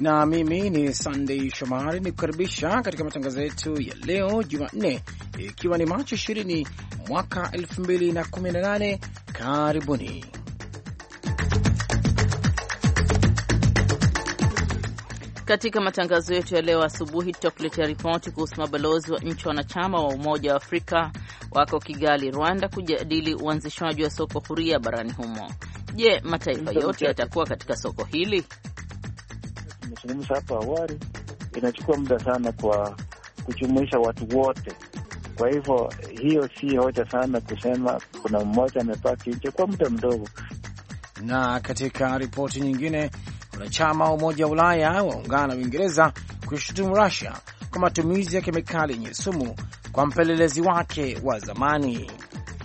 na mimi ni Sunday Shomari ni kukaribisha katika matangazo yetu ya leo Jumanne, ikiwa ni Machi 20 mwaka nane. Karibuni katika matangazo yetu ya leo asubuhi. Tutakuletea ripoti kuhusu mabalozi wa nchi wanachama wa Umoja wa Afrika wako Kigali, Rwanda, kujadili uanzishwaji wa soko huria barani humo. Je, mataifa yote yatakuwa katika soko hili? tumezungumza hapo awali, inachukua muda sana kwa kujumuisha watu wote. Kwa hivyo hiyo si hoja sana kusema kuna mmoja amebaki nje kwa muda mdogo. Na katika ripoti nyingine, wanachama wa Umoja wa Ulaya waungana na Uingereza kuishutumu Rusia kwa matumizi ya kemikali yenye sumu kwa mpelelezi wake wa zamani.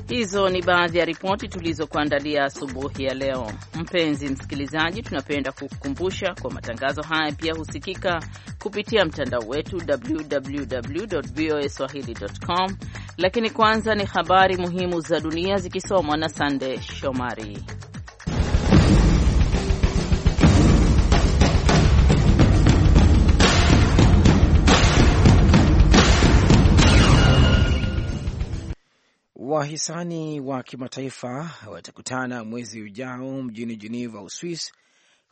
Hizo ni baadhi ya ripoti tulizokuandalia asubuhi ya leo. Mpenzi msikilizaji, tunapenda kukukumbusha kwa matangazo haya pia husikika kupitia mtandao wetu www voa swahilicom. Lakini kwanza ni habari muhimu za dunia zikisomwa na Sande Shomari. Wahisani wa kimataifa watakutana mwezi ujao mjini Geneva, Uswis,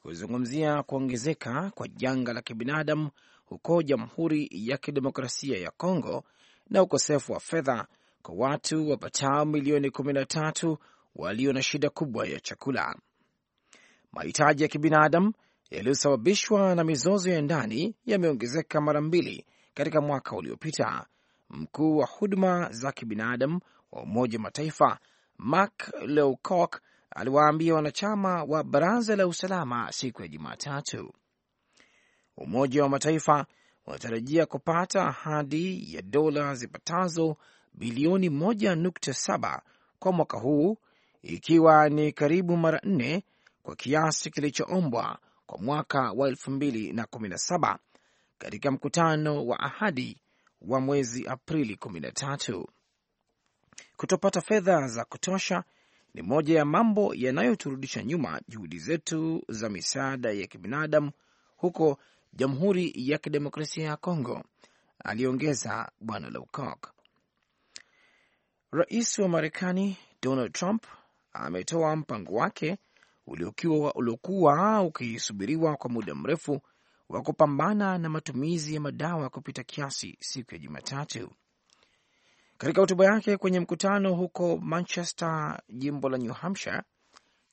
kuzungumzia kuongezeka kwa janga la kibinadamu huko Jamhuri ya Kidemokrasia ya Kongo na ukosefu wa fedha kwa watu wapatao milioni 13 walio na shida kubwa ya chakula. Mahitaji ya kibinadamu yaliyosababishwa na mizozo ya ndani yameongezeka mara mbili katika mwaka uliopita. Mkuu wa huduma za kibinadamu wa Umoja wa Mataifa Mark Lowcock aliwaambia wanachama wa Baraza la Usalama siku ya Jumatatu. Umoja wa Mataifa unatarajia kupata ahadi ya dola zipatazo bilioni 1.7 kwa mwaka huu, ikiwa ni karibu mara nne kwa kiasi kilichoombwa kwa mwaka wa 2017 katika mkutano wa ahadi wa mwezi Aprili Kutopata fedha za kutosha ni moja ya mambo yanayoturudisha nyuma juhudi zetu za misaada ya kibinadamu huko Jamhuri ya Kidemokrasia ya Kongo, aliongeza Bwana Lowcock. Rais wa Marekani Donald Trump ametoa mpango wake uliokuwa ukisubiriwa kwa muda mrefu wa kupambana na matumizi ya madawa kupita kiasi siku ya Jumatatu. Katika hotuba yake kwenye mkutano huko Manchester, jimbo la New Hampshire,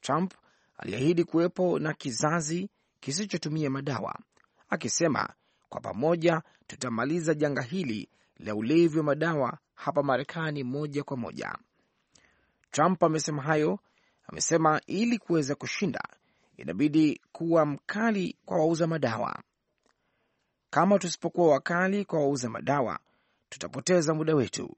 Trump aliahidi kuwepo na kizazi kisichotumia madawa, akisema kwa pamoja tutamaliza janga hili la ulevi wa madawa hapa Marekani moja kwa moja. Trump amesema hayo, amesema ili kuweza kushinda inabidi kuwa mkali kwa wauza madawa. Kama tusipokuwa wakali kwa wauza madawa tutapoteza muda wetu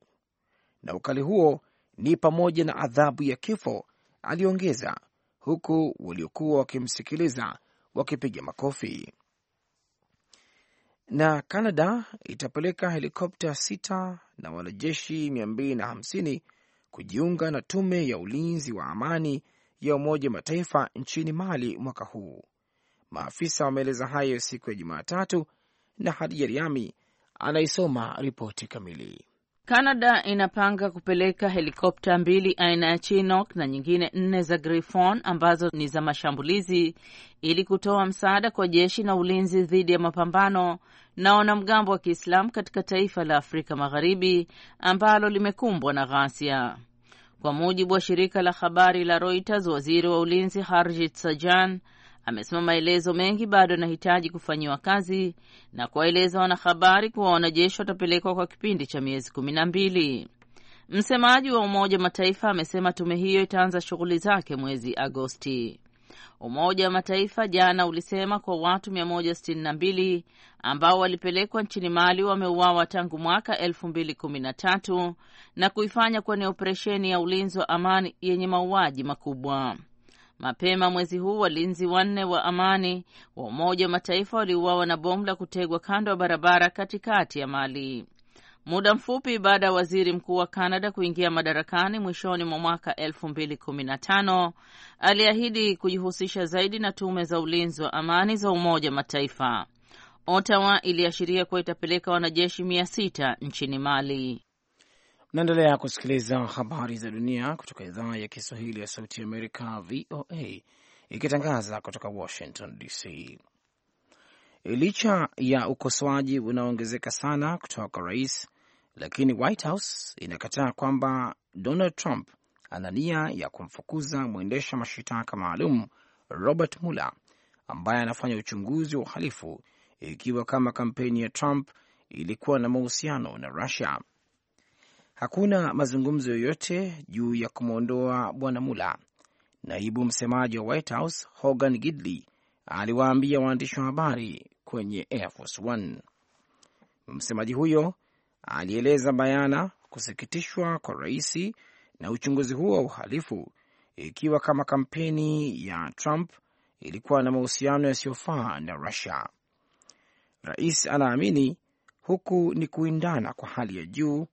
na ukali huo ni pamoja na adhabu ya kifo, aliongeza, huku waliokuwa wakimsikiliza wakipiga makofi. Na canada itapeleka helikopta sita na wanajeshi 250 kujiunga na tume ya ulinzi wa amani ya Umoja Mataifa nchini Mali mwaka huu. Maafisa wameeleza hayo siku ya Jumatatu, na Hadija Riami anaisoma ripoti kamili. Canada inapanga kupeleka helikopta mbili aina ya Chinook na nyingine nne za Griffon ambazo ni za mashambulizi ili kutoa msaada kwa jeshi na ulinzi dhidi ya mapambano na wanamgambo wa Kiislamu katika taifa la Afrika Magharibi ambalo limekumbwa na ghasia. Kwa mujibu wa shirika la habari la Reuters, waziri wa ulinzi Harjit Sajjan amesema maelezo mengi bado yanahitaji kufanyiwa kazi na kuwaeleza wanahabari kuwa wanajeshi watapelekwa kwa kipindi cha miezi kumi na mbili. Msemaji wa Umoja wa Mataifa amesema tume hiyo itaanza shughuli zake mwezi Agosti. Umoja wa Mataifa jana ulisema kwa watu 162 ambao walipelekwa nchini Mali wameuawa tangu mwaka 2013 na kuifanya kwenye operesheni ya ulinzi wa amani yenye mauaji makubwa. Mapema mwezi huu walinzi wanne wa amani wa Umoja wa Mataifa waliuawa na bomu la kutegwa kando ya barabara katikati ya Mali, muda mfupi baada ya waziri mkuu wa Kanada kuingia madarakani mwishoni mwa mwaka 2015. Aliahidi kujihusisha zaidi na tume za ulinzi wa amani za Umoja Mataifa. Ottawa iliashiria kuwa itapeleka wanajeshi mia nchini Mali. Naendelea kusikiliza habari za dunia kutoka idhaa ya Kiswahili ya Sauti Amerika, VOA, ikitangaza kutoka Washington DC. Licha ya ukosoaji unaoongezeka sana kutoka kwa rais, lakini White House inakataa kwamba Donald Trump ana nia ya kumfukuza mwendesha mashitaka maalum Robert Mueller ambaye anafanya uchunguzi wa uhalifu, ikiwa kama kampeni ya Trump ilikuwa na mahusiano na Russia hakuna mazungumzo yoyote juu ya kumwondoa bwana Mula. Naibu msemaji wa White House Hogan Gidley aliwaambia waandishi wa habari kwenye Air Force One. Msemaji huyo alieleza bayana kusikitishwa kwa rais na uchunguzi huo wa uhalifu, ikiwa kama kampeni ya Trump ilikuwa na mahusiano yasiyofaa na Russia. Rais anaamini huku ni kuindana kwa hali ya juu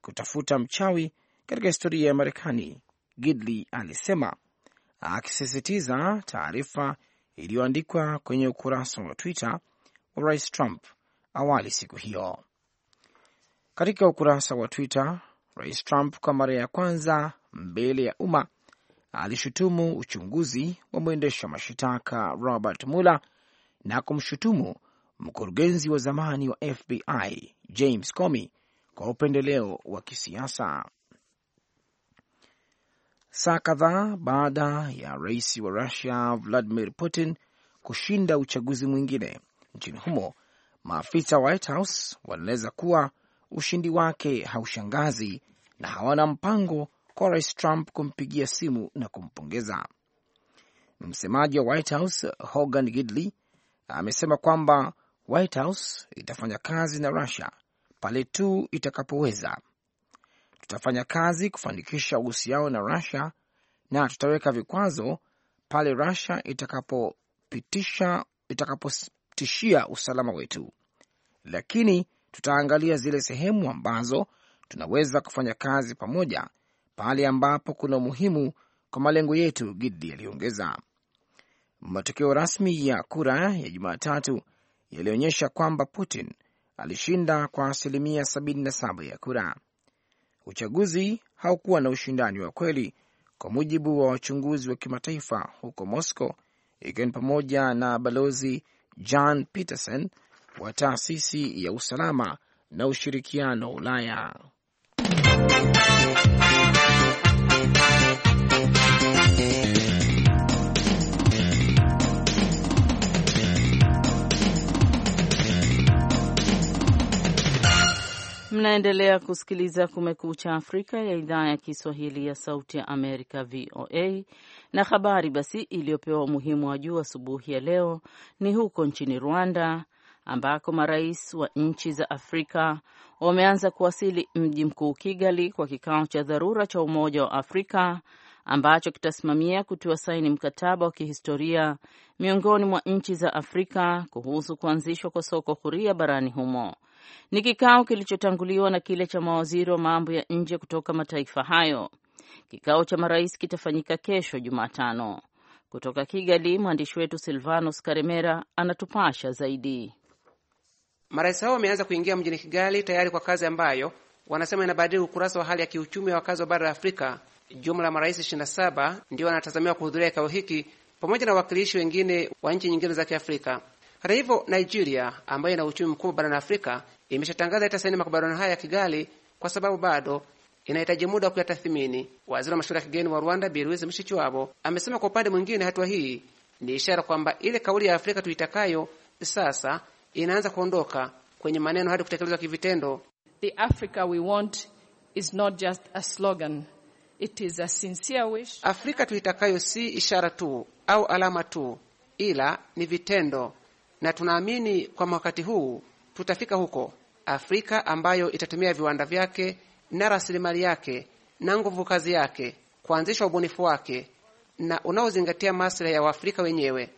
kutafuta mchawi katika historia ya Marekani, Gidley alisema, akisisitiza taarifa iliyoandikwa kwenye ukurasa wa Twitter wa Rais Trump awali siku hiyo. Katika ukurasa wa Twitter, Rais Trump kwa mara ya kwanza mbele ya umma alishutumu uchunguzi wa mwendesha mashitaka Robert Mueller na kumshutumu mkurugenzi wa zamani wa FBI James Comey kwa upendeleo wa kisiasa. Saa kadhaa baada ya rais wa Rusia Vladimir Putin kushinda uchaguzi mwingine nchini humo, maafisa White House wanaeleza kuwa ushindi wake haushangazi na hawana mpango kwa rais Trump kumpigia simu na kumpongeza. Msemaji wa White House Hogan Gidley amesema kwamba White House itafanya kazi na Rusia pale tu itakapoweza. Tutafanya kazi kufanikisha uhusiano na Russia na tutaweka vikwazo pale Russia itakapopitisha itakapotishia usalama wetu, lakini tutaangalia zile sehemu ambazo tunaweza kufanya kazi pamoja pale ambapo kuna umuhimu kwa malengo yetu, Gidi yaliyoongeza Matokeo rasmi ya kura ya Jumatatu yalionyesha kwamba Putin alishinda kwa asilimia 77 ya kura. Uchaguzi haukuwa na ushindani wa kweli, kwa mujibu wa wachunguzi wa kimataifa huko Moscow, ikiwa ni pamoja na balozi John Peterson wa taasisi ya usalama na ushirikiano wa Ulaya. Mnaendelea kusikiliza Kumekucha Afrika ya idhaa ya Kiswahili ya Sauti ya Amerika, VOA. Na habari basi iliyopewa umuhimu wa juu asubuhi ya leo ni huko nchini Rwanda, ambako marais wa nchi za Afrika wameanza kuwasili mji mkuu Kigali kwa kikao cha dharura cha Umoja wa Afrika ambacho kitasimamia kutiwa saini mkataba wa kihistoria miongoni mwa nchi za Afrika kuhusu kuanzishwa kwa soko huria barani humo. Ni kikao kilichotanguliwa na kile cha mawaziri wa mambo ya nje kutoka mataifa hayo. Kikao cha marais kitafanyika kesho Jumatano. Kutoka Kigali, mwandishi wetu Silvanos Karemera anatupasha zaidi. Marais hao wameanza kuingia mjini Kigali tayari kwa kazi ambayo wanasema inabadili ukurasa wa hali ya kiuchumi wa wakazi wa bara la Afrika. Jumla ya marais 27 ndio wanatazamiwa kuhudhuria kikao hiki pamoja na wawakilishi wengine wa nchi nyingine za Kiafrika. Hata hivyo, Nigeria ambayo ina uchumi mkubwa barani Afrika imeshatangaza itasaini makubaliano haya ya Kigali kwa sababu bado inahitaji muda wa kuyatathimini. Waziri wa mashauri ya kigeni wa Rwanda Bi Louise Mushikiwabo amesema kwa upande mwingine, hatua hii ni ishara kwamba ile kauli ya Afrika tuitakayo sasa inaanza kuondoka kwenye maneno hadi kutekelezwa kivitendo. The Africa we want is not just a slogan. It is a sincere wish. Afrika tuitakayo si ishara tu au alama tu, ila ni vitendo na tunaamini kwa wakati huu tutafika huko. Afrika ambayo itatumia viwanda vyake na rasilimali yake na nguvu kazi yake kuanzisha ubunifu wake na unaozingatia maslahi ya Waafrika wenyewe.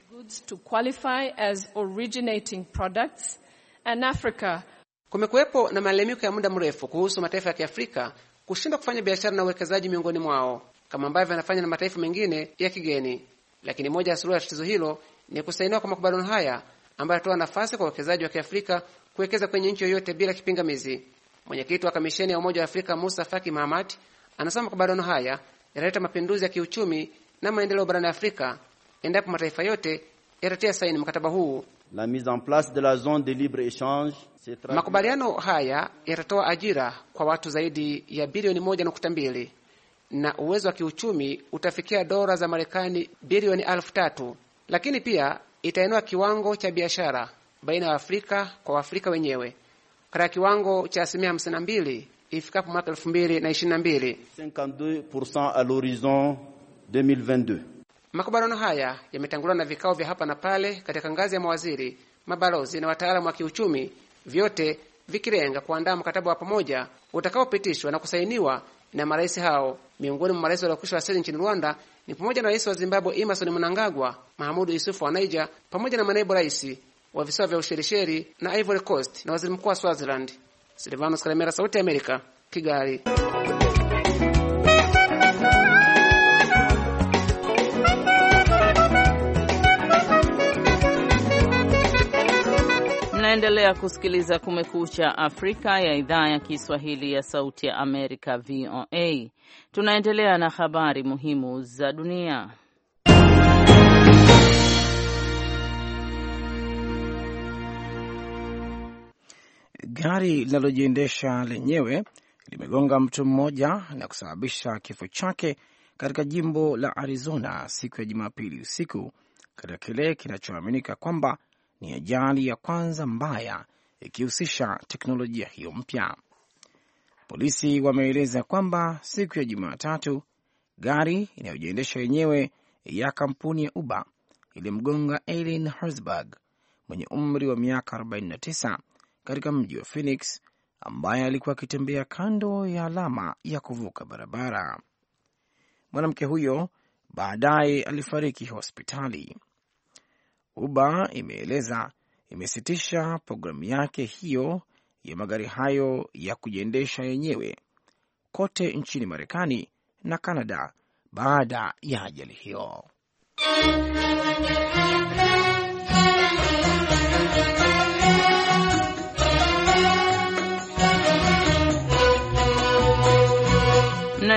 Kumekuwepo na malalamiko ya muda mrefu kuhusu mataifa ya Kiafrika kushindwa kufanya biashara na uwekezaji miongoni mwao kama ambavyo yanafanya na mataifa mengine ya kigeni, lakini moja ya suluhu ya tatizo hilo ni kusainiwa kwa makubaliano haya ambayo yatoa nafasi kwa wawekezaji wa Kiafrika kuwekeza kwenye nchi yoyote bila kipingamizi. Mwenyekiti wa kamisheni ya Umoja wa Afrika Musa Faki Mahamat anasema makubaliano haya yataleta mapinduzi ya kiuchumi na maendeleo barani Afrika endapo mataifa yote yatatia saini mkataba huu. La mise en place de la zone de libre échange makubaliano haya yatatoa ajira kwa watu zaidi ya bilioni moja nukta mbili na uwezo wa kiuchumi utafikia dola za Marekani bilioni elfu tatu lakini pia itainua kiwango cha biashara baina ya Afrika kwa Waafrika wenyewe katika kiwango cha asilimia hamsini na mbili ifikapo mwaka elfu mbili na ishirini na mbili. À l'horizon 2022. Makubaliano haya yametanguliwa na vikao vya hapa na pale katika ngazi ya mawaziri, mabalozi na wataalamu wa kiuchumi, vyote vikilenga kuandaa mkataba wa pamoja utakaopitishwa na kusainiwa na marais hao. Miongoni mwa marais waliokwisha wasili nchini Rwanda ni pamoja na rais wa Zimbabwe Emerson Mnangagwa, Mahamudu Yusufu wa Niger, pamoja na manaibu rais wa visiwa vya Ushelisheli na Ivory Coast na waziri mkuu wa Swaziland. Silvanus Kalemera, Sauti ya Amerika, Kigali. Unaendelea kusikiliza Kumekucha Afrika ya idhaa ya Kiswahili ya Sauti ya Amerika, VOA. Tunaendelea na habari muhimu za dunia. Gari linalojiendesha lenyewe limegonga mtu mmoja na kusababisha kifo chake katika jimbo la Arizona siku ya Jumapili usiku katika kile kinachoaminika kwamba ni ajali ya kwanza mbaya ikihusisha teknolojia hiyo mpya. Polisi wameeleza kwamba siku ya Jumatatu gari inayojiendesha yenyewe ya kampuni ya Uber ilimgonga Elin Herzberg mwenye umri wa miaka 49 katika mji wa Phoenix ambaye alikuwa akitembea kando ya alama ya kuvuka barabara. Mwanamke huyo baadaye alifariki hospitali. Uber imeeleza imesitisha programu yake hiyo ya magari hayo ya kujiendesha yenyewe kote nchini Marekani na Kanada baada ya ajali hiyo.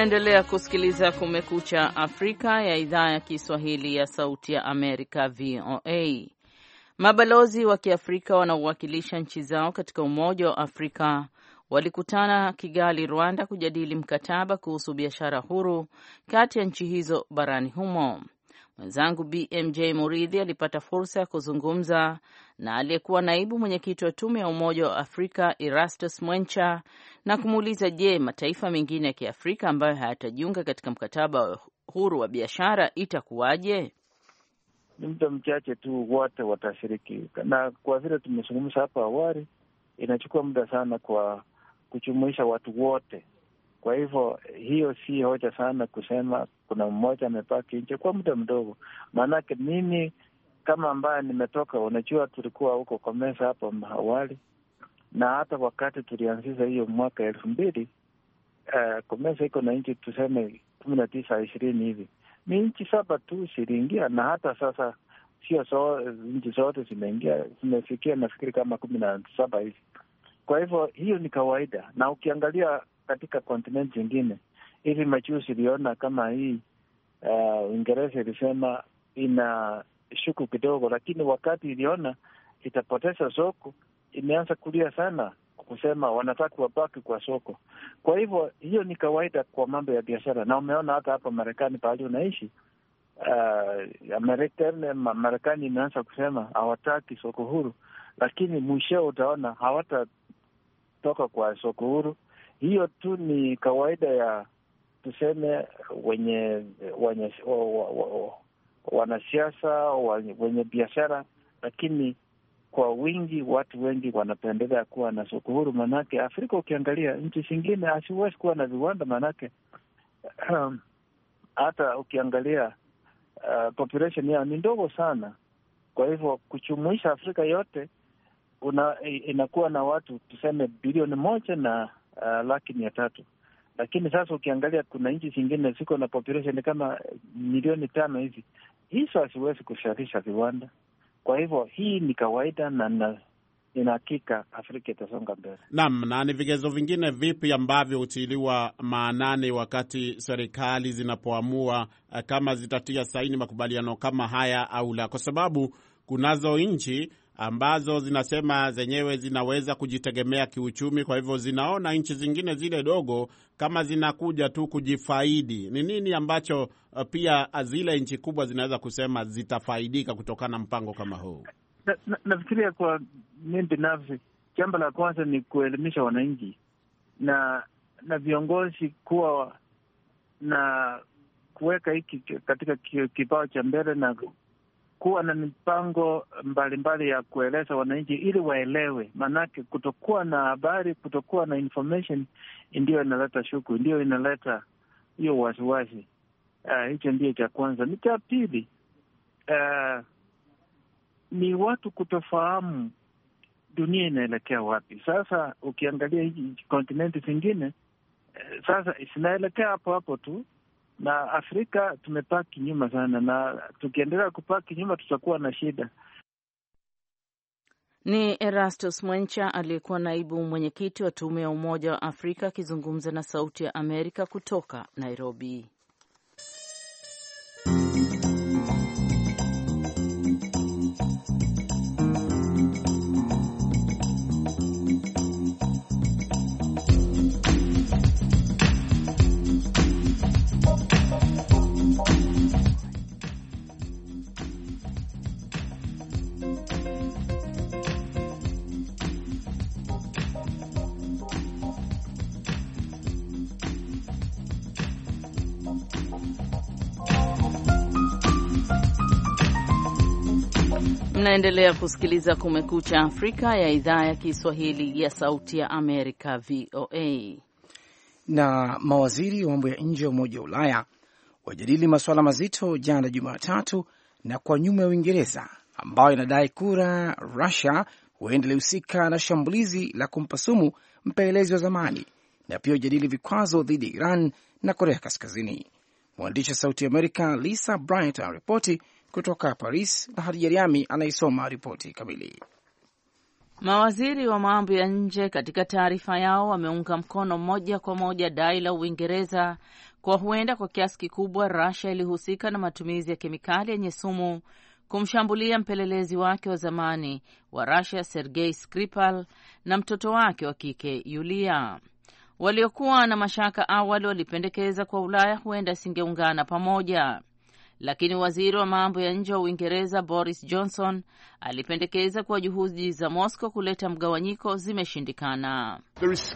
Unaendelea kusikiliza Kumekucha Afrika ya idhaa ya Kiswahili ya Sauti ya Amerika, VOA. Mabalozi wa Kiafrika wanaowakilisha nchi zao katika Umoja wa Afrika walikutana Kigali, Rwanda, kujadili mkataba kuhusu biashara huru kati ya nchi hizo barani humo. Mwenzangu BMJ Muridhi alipata fursa ya kuzungumza na aliyekuwa naibu mwenyekiti wa tume ya Umoja wa Afrika Erastus Mwencha na kumuuliza, je, mataifa mengine ya Kiafrika ambayo hayatajiunga katika mkataba wa uhuru wa biashara itakuwaje? Ni muda mchache tu wote watashiriki, na kwa vile tumezungumza hapo awali, inachukua muda sana kwa kujumuisha watu wote kwa hivyo hiyo si hoja sana kusema kuna mmoja amepaki nje kwa muda mdogo, maanake mimi kama ambaye nimetoka, unajua tulikuwa huko kwa meza hapo awali, na hata wakati tulianzisha hiyo mwaka elfu mbili uh, eh, meza iko na nchi tuseme kumi na tisa ishirini hivi, ni nchi saba tu ziliingia, na hata sasa sio so, nchi zote zimeingia, zimefikia nafikiri kama kumi na saba hivi. Kwa hivyo hiyo ni kawaida, na ukiangalia katika kontinenti zingine. Hivi majuzi iliona kama hii uh, Uingereza uh, ilisema ina shuku kidogo, lakini wakati iliona itapoteza soko imeanza kulia sana kusema wanataka wabaki kwa soko. Kwa hivyo hiyo ni kawaida kwa mambo ya biashara, na umeona hata hapa Marekani pahali unaishi uh, Marekani imeanza kusema hawataki soko huru, lakini mwisheo utaona hawatatoka kwa soko huru, hiyo tu ni kawaida ya tuseme wenye wenye wanasiasa wenye biashara, lakini kwa wingi, watu wengi wanapendelea kuwa na soko huru. Maanake Afrika ukiangalia nchi zingine asiwezi kuwa na viwanda, maanake hata ukiangalia uh, population yao ni ndogo sana. Kwa hivyo kuchumuisha Afrika yote una, inakuwa na watu tuseme bilioni moja na uh, laki mia tatu lakini sasa ukiangalia kuna nchi zingine ziko na population kama milioni tano hivi, hizo haziwezi kusharisha viwanda. Kwa hivyo hii ni kawaida na inahakika hakika Afrika itasonga mbele. Naam, na ni vigezo vingine vipi ambavyo hutiiliwa maanani wakati serikali zinapoamua uh, kama zitatia saini makubaliano kama haya au la? Kwa sababu kunazo nchi ambazo zinasema zenyewe zinaweza kujitegemea kiuchumi, kwa hivyo zinaona nchi zingine zile dogo kama zinakuja tu kujifaidi. Ni nini ambacho uh, pia zile nchi kubwa zinaweza kusema zitafaidika kutokana na mpango kama huu? Nafikiria na, na kwa mi binafsi, jambo la kwanza ni kuelimisha wananchi na na viongozi kuwa na kuweka hiki katika kipao cha mbele na kuwa na mipango mbalimbali mbali ya kueleza wananchi ili waelewe, maanake kutokuwa na habari, kutokuwa na information ndiyo inaleta shuku, ndiyo inaleta hiyo wasiwasi. Ah, hicho uh, ndio cha kwanza. Ni cha pili, uh, ni watu kutofahamu dunia inaelekea wapi. Sasa ukiangalia hizi kontinenti zingine, eh, sasa zinaelekea hapo hapo tu na Afrika tumepaki kinyuma sana, na tukiendelea kupaa kinyuma tutakuwa na shida. Ni Erastus Mwencha aliyekuwa naibu mwenyekiti wa tume ya Umoja wa Afrika akizungumza na Sauti ya Amerika kutoka Nairobi. Unaendelea kusikiliza Kumekucha Afrika ya idhaa ya Kiswahili ya Sauti ya Amerika, VOA. Na mawaziri wa mambo ya nje wa Umoja wa Ulaya wajadili masuala mazito jana Jumatatu na kwa nyuma ya Uingereza ambayo inadai kura Rusia huenda ilihusika na shambulizi la kumpa sumu mpelelezi wa zamani, na pia ujadili vikwazo dhidi ya Iran na Korea Kaskazini. Mwandishi wa Sauti Amerika Lisa Bryant anaripoti kutoka Paris, Hadija Riami anaisoma ripoti kamili. Mawaziri wa mambo ya nje katika taarifa yao wameunga mkono moja kwa moja dai la Uingereza kwa huenda kwa kiasi kikubwa Russia ilihusika na matumizi ya kemikali yenye sumu kumshambulia mpelelezi wake wa zamani wa Russia Sergei Skripal na mtoto wake wa kike Yulia. Waliokuwa na mashaka awali walipendekeza kwa Ulaya huenda isingeungana pamoja lakini waziri wa mambo ya nje wa Uingereza Boris Johnson alipendekeza kuwa juhudi za Moscow kuleta mgawanyiko zimeshindikana. Uh,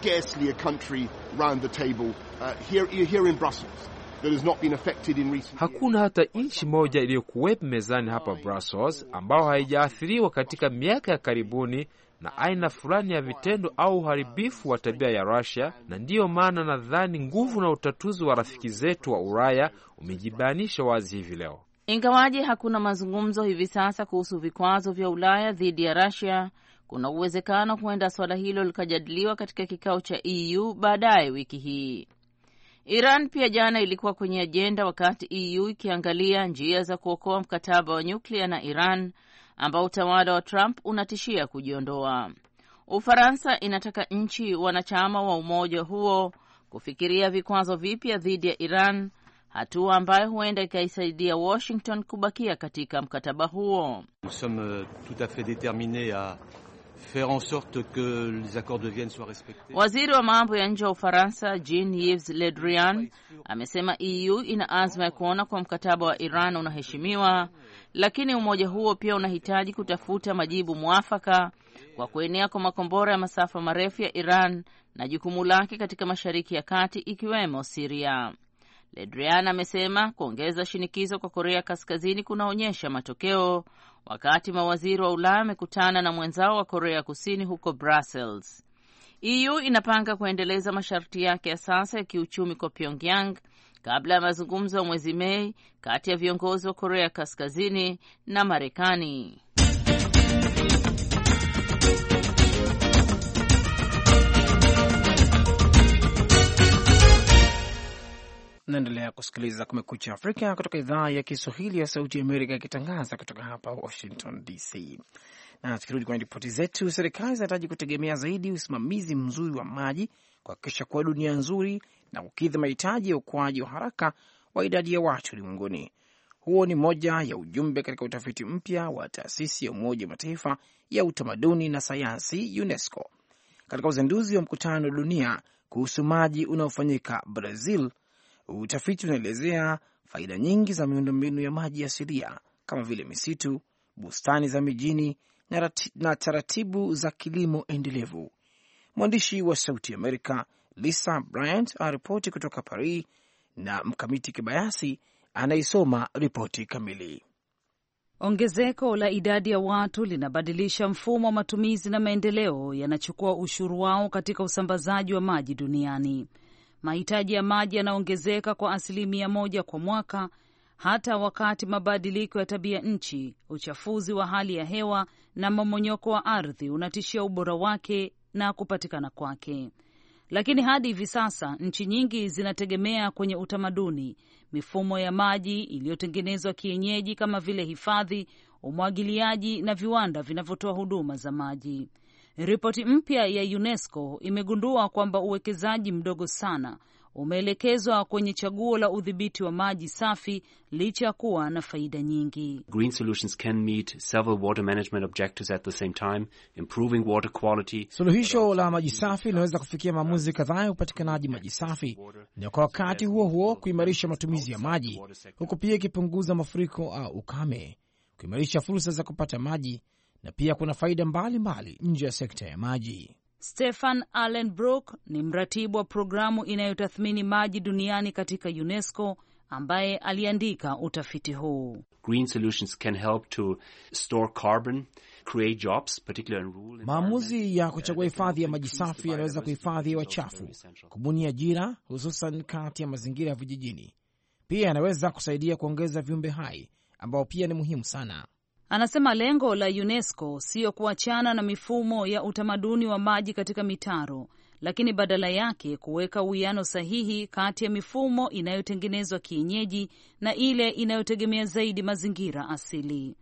Hakuna hata nchi moja iliyokuwepo mezani hapa Brussels ambao haijaathiriwa katika miaka ya karibuni na aina fulani ya vitendo au uharibifu wa tabia ya rasia na ndiyo maana nadhani nguvu na utatuzi wa rafiki zetu wa Ulaya umejibainisha wazi hivi leo. Ingawaje hakuna mazungumzo hivi sasa kuhusu vikwazo vya Ulaya dhidi ya rasia kuna uwezekano huenda swala hilo likajadiliwa katika kikao cha EU baadaye wiki hii. Iran pia jana ilikuwa kwenye ajenda wakati EU ikiangalia njia za kuokoa mkataba wa nyuklia na Iran ambao utawala wa Trump unatishia kujiondoa. Ufaransa inataka nchi wanachama wa umoja huo kufikiria vikwazo vipya dhidi ya Iran, hatua ambayo huenda ikaisaidia Washington kubakia katika mkataba huo. Nous sommes tout fait faire en sorte que les accords de Vienne soient respectés. Waziri wa mambo ya nje wa Ufaransa Jean-Yves Le Drian amesema EU ina azma ya kuona kwa mkataba wa Iran unaheshimiwa, lakini umoja huo pia unahitaji kutafuta majibu mwafaka kwa kuenea kwa makombora ya masafa marefu ya Iran na jukumu lake katika Mashariki ya Kati ikiwemo Siria. Ledrian amesema kuongeza shinikizo kwa Korea Kaskazini kunaonyesha matokeo, wakati mawaziri wa Ulaya wamekutana na mwenzao wa Korea Kusini huko Brussels. EU inapanga kuendeleza masharti yake ya sasa ya kiuchumi kwa Pyongyang kabla ya mazungumzo ya mwezi Mei kati ya viongozi wa Korea Kaskazini na Marekani. Naendelea kusikiliza Kumekucha Afrika kutoka idhaa ya Kiswahili ya Sauti ya Amerika ikitangaza kutoka hapa Washington DC. Na tukirudi kwenye ripoti zetu, serikali zinahitaji kutegemea zaidi usimamizi mzuri wa maji kuhakikisha kuwa dunia nzuri na kukidhi mahitaji ya ukuaji wa haraka wa idadi ya watu ulimwenguni. Huo ni moja ya ujumbe katika utafiti mpya wa taasisi ya Umoja wa Mataifa ya utamaduni na sayansi UNESCO katika uzinduzi wa mkutano wa dunia kuhusu maji unaofanyika Brazil Utafiti unaelezea faida nyingi za miundombinu ya maji asilia kama vile misitu, bustani za mijini na, na taratibu za kilimo endelevu. Mwandishi wa Sauti Amerika Lisa Bryant aripoti kutoka Paris na Mkamiti Kibayasi anaisoma ripoti kamili. Ongezeko la idadi ya watu linabadilisha mfumo wa matumizi na maendeleo yanachukua ushuru wao katika usambazaji wa maji duniani. Mahitaji ya maji yanaongezeka kwa asilimia moja kwa mwaka, hata wakati mabadiliko ya tabia nchi, uchafuzi wa hali ya hewa na mmomonyoko wa ardhi unatishia ubora wake na kupatikana kwake. Lakini hadi hivi sasa nchi nyingi zinategemea kwenye utamaduni, mifumo ya maji iliyotengenezwa kienyeji kama vile hifadhi, umwagiliaji na viwanda vinavyotoa huduma za maji. Ripoti mpya ya UNESCO imegundua kwamba uwekezaji mdogo sana umeelekezwa kwenye chaguo la udhibiti wa maji safi licha ya kuwa na faida nyingi. Green solutions can meet several water management objectives at the same time, improving water quality. Suluhisho la maji safi linaweza kufikia maamuzi kadhaa ya upatikanaji maji safi na kwa wakati huo huo kuimarisha matumizi ya maji, huku pia ikipunguza mafuriko au ukame, kuimarisha fursa za kupata maji na pia kuna faida mbalimbali nje ya sekta ya maji. Stefan Brook ni mratibu wa programu inayotathmini maji duniani katika UNESCO ambaye aliandika utafiti huu. Green solutions can help to store carbon, create jobs, particularly in rural. Maamuzi ya kuchagua hifadhi ya maji safi yanaweza kuhifadhi hewa chafu, kubuni ajira, hususan kati ya mazingira ya vijijini. Pia yanaweza kusaidia kuongeza viumbe hai ambao pia ni muhimu sana. Anasema lengo la UNESCO siyo kuachana na mifumo ya utamaduni wa maji katika mitaro, lakini badala yake kuweka uwiano sahihi kati ya mifumo inayotengenezwa kienyeji na ile inayotegemea zaidi mazingira asili.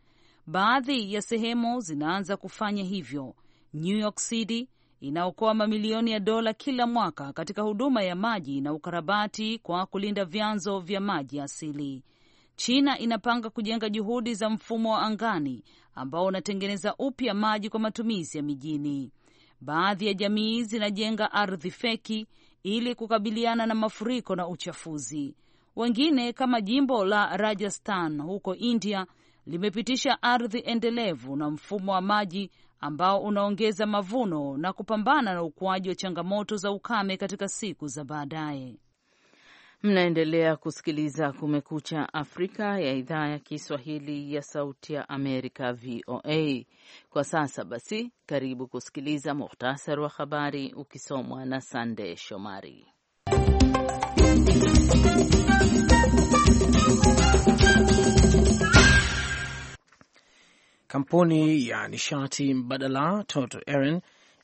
Baadhi ya sehemu zinaanza kufanya hivyo. New York City inaokoa mamilioni ya dola kila mwaka katika huduma ya maji na ukarabati kwa kulinda vyanzo vya maji asili. China inapanga kujenga juhudi za mfumo wa angani ambao unatengeneza upya maji kwa matumizi ya mijini. Baadhi ya jamii zinajenga ardhi feki ili kukabiliana na mafuriko na uchafuzi. Wengine kama jimbo la Rajasthan huko India limepitisha ardhi endelevu na mfumo wa maji ambao unaongeza mavuno na kupambana na ukuaji wa changamoto za ukame katika siku za baadaye. Mnaendelea kusikiliza Kumekucha Afrika ya idhaa ya Kiswahili ya Sauti ya Amerika, VOA. Kwa sasa basi, karibu kusikiliza muhtasari wa habari ukisomwa na Sande Shomari. Kampuni ya nishati mbadala Total Eren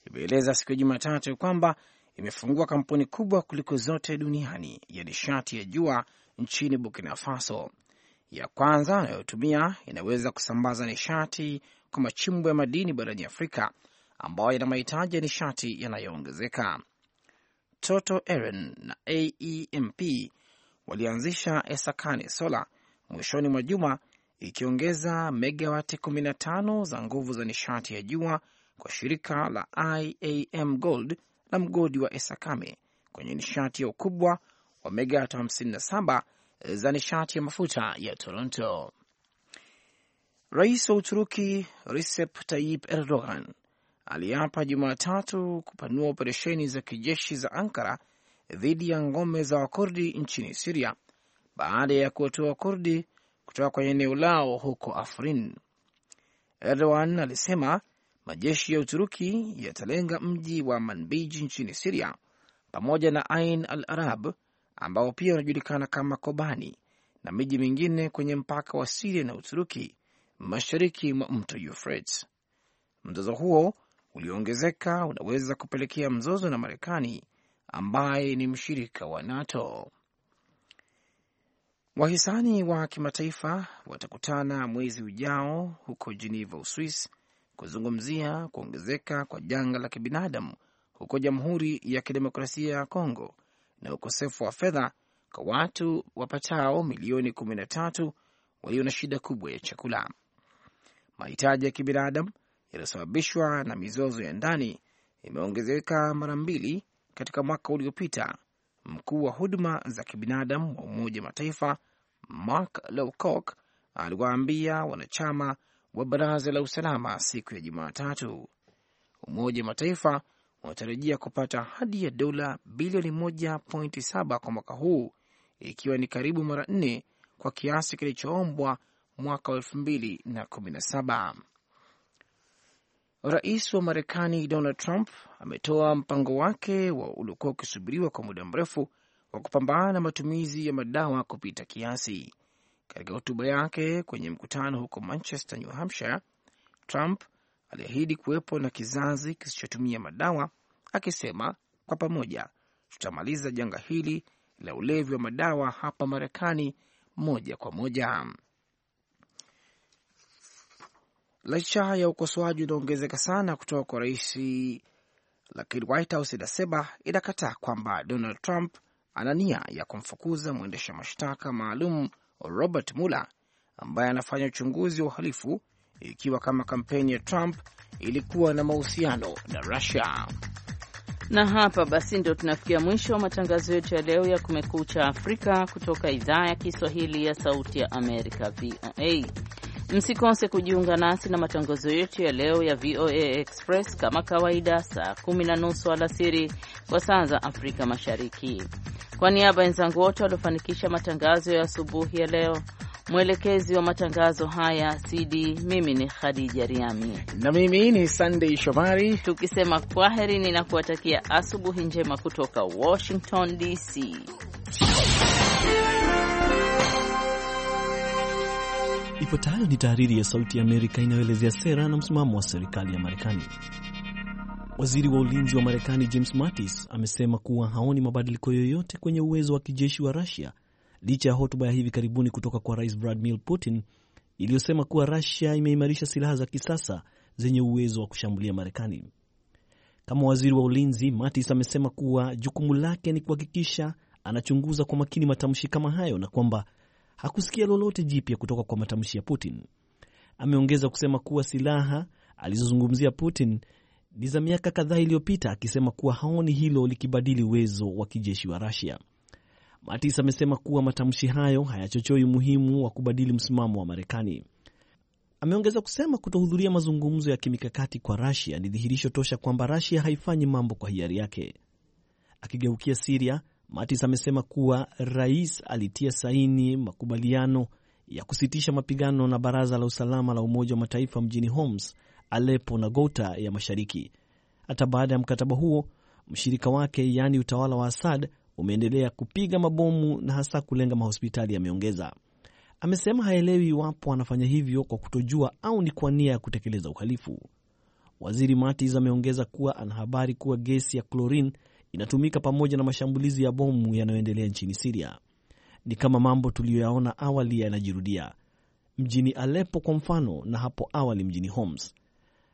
imeeleza siku ya Jumatatu kwamba imefungua kampuni kubwa kuliko zote duniani ya nishati ya jua nchini Burkina Faso, ya kwanza anayotumia inaweza kusambaza nishati kwa machimbo ya madini barani Afrika ambayo yana mahitaji ya nishati yanayoongezeka. Toto Eren na AEMP walianzisha Esakane Sola mwishoni mwa juma, ikiongeza megawati 15 za nguvu za nishati ya jua kwa shirika la IAM Gold na mgodi wa Esakame kwenye nishati ya ukubwa wa megawati 57 za nishati ya mafuta ya Toronto. Rais wa Uturuki Recep Tayyip Erdogan aliapa Jumatatu kupanua operesheni za kijeshi za Ankara dhidi ya ngome za Wakurdi nchini Siria baada ya kuwatoa Wakurdi kutoka kwenye eneo lao huko Afrin. Erdogan alisema majeshi ya Uturuki yatalenga mji wa Manbij nchini Siria pamoja na Ain al Arab ambao pia wanajulikana kama Kobani na miji mingine kwenye mpaka wa Siria na Uturuki mashariki mwa mto Euphrates. Mzozo huo ulioongezeka unaweza kupelekea mzozo na Marekani ambaye ni mshirika wa NATO. Wahisani wa kimataifa watakutana mwezi ujao huko Geneva, Uswis kuzungumzia kuongezeka kwa janga la kibinadamu huko Jamhuri ya Kidemokrasia ya Kongo na ukosefu wa fedha kwa watu wapatao milioni kumi na tatu walio na shida kubwa ya chakula. Mahitaji ya kibinadamu yaliyosababishwa na mizozo ya ndani imeongezeka mara mbili katika mwaka uliopita. Mkuu wa huduma za kibinadamu wa Umoja wa Mataifa Mark Lowcock aliwaambia wanachama wa baraza la usalama siku ya Jumatatu. Umoja wa Mataifa unatarajia kupata hadi ya dola bilioni 1.7 kwa mwaka huu, ikiwa ni karibu mara nne kwa kiasi kilichoombwa mwaka wa 2017. Rais wa Marekani Donald Trump ametoa mpango wake wa uliokuwa ukisubiriwa kwa muda mrefu wa kupambana na matumizi ya madawa kupita kiasi. Katika hotuba yake kwenye mkutano huko Manchester, New Hampshire, Trump aliahidi kuwepo na kizazi kisichotumia madawa, akisema kwa pamoja tutamaliza janga hili la ulevi wa madawa hapa Marekani moja kwa moja. Licha ya ukosoaji unaongezeka sana kutoka kwa rais, lakini White House inasema inakataa kwamba Donald Trump ana nia ya kumfukuza mwendesha mashtaka maalum Robert Mueller ambaye anafanya uchunguzi wa uhalifu ikiwa kama kampeni ya Trump ilikuwa na mahusiano na Russia. Na hapa basi ndio tunafikia mwisho wa matangazo yetu ya leo ya Kumekucha Afrika kutoka idhaa ya Kiswahili ya Sauti ya Amerika, VOA. Msikose kujiunga nasi na matangazo yetu ya leo ya VOA Express kama kawaida, saa kumi na nusu alasiri kwa saa za Afrika Mashariki. Kwa niaba ya wenzangu wote waliofanikisha matangazo ya asubuhi ya leo, mwelekezi wa matangazo haya CD, mimi ni Khadija Riami na mimi ni sandey Shomari, tukisema kwaheri na kuwatakia asubuhi njema kutoka Washington DC. Ifuatayo ni tahariri ya Sauti ya Amerika inayoelezea sera na msimamo wa serikali ya Marekani. Waziri wa ulinzi wa Marekani James Mattis amesema kuwa haoni mabadiliko yoyote kwenye uwezo wa kijeshi wa Rusia licha ya hotuba ya hivi karibuni kutoka kwa Rais Vladimir Putin iliyosema kuwa Rusia imeimarisha silaha za kisasa zenye uwezo wa kushambulia Marekani. Kama waziri wa ulinzi, Mattis amesema kuwa jukumu lake ni kuhakikisha anachunguza kwa makini matamshi kama hayo na kwamba hakusikia lolote jipya kutoka kwa matamshi ya Putin. Ameongeza kusema kuwa silaha alizozungumzia Putin ni za miaka kadhaa iliyopita, akisema kuwa haoni hilo likibadili uwezo wa kijeshi wa Rusia. Mattis amesema kuwa matamshi hayo hayachochoi umuhimu wa kubadili msimamo wa Marekani. Ameongeza kusema kutohudhuria mazungumzo ya kimikakati kwa Rusia ni dhihirisho tosha kwamba Rusia haifanyi mambo kwa hiari yake. Akigeukia Siria, Mattis amesema kuwa rais alitia saini makubaliano ya kusitisha mapigano na Baraza la Usalama la Umoja wa Mataifa mjini Homs Aleppo na Ghouta ya mashariki. Hata baada ya mkataba huo, mshirika wake yaani utawala wa Assad umeendelea kupiga mabomu na hasa kulenga mahospitali, ameongeza. Amesema haelewi iwapo anafanya hivyo kwa kutojua au ni kwa nia ya kutekeleza uhalifu. Waziri Mattis ameongeza kuwa ana habari kuwa gesi ya chlorine inatumika pamoja na mashambulizi ya bomu yanayoendelea nchini Siria. Ni kama mambo tuliyoyaona awali yanajirudia mjini Aleppo kwa mfano, na hapo awali mjini Homs.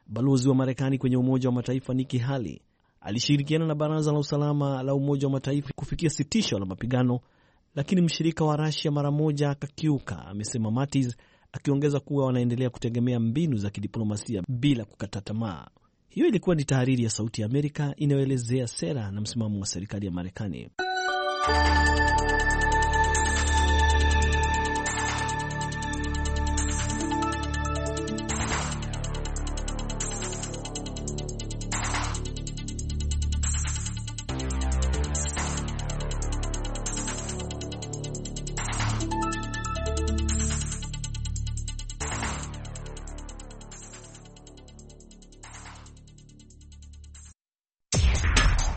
Balozi wa Marekani kwenye Umoja wa Mataifa Nikki Haley alishirikiana na Baraza la Usalama la Umoja wa Mataifa kufikia sitisho la mapigano, lakini mshirika wa rasia mara moja akakiuka, amesema Mattis, akiongeza kuwa wanaendelea kutegemea mbinu za kidiplomasia bila kukata tamaa. Hiyo ilikuwa ni tahariri ya Sauti ya Amerika inayoelezea sera na msimamo wa serikali ya Marekani.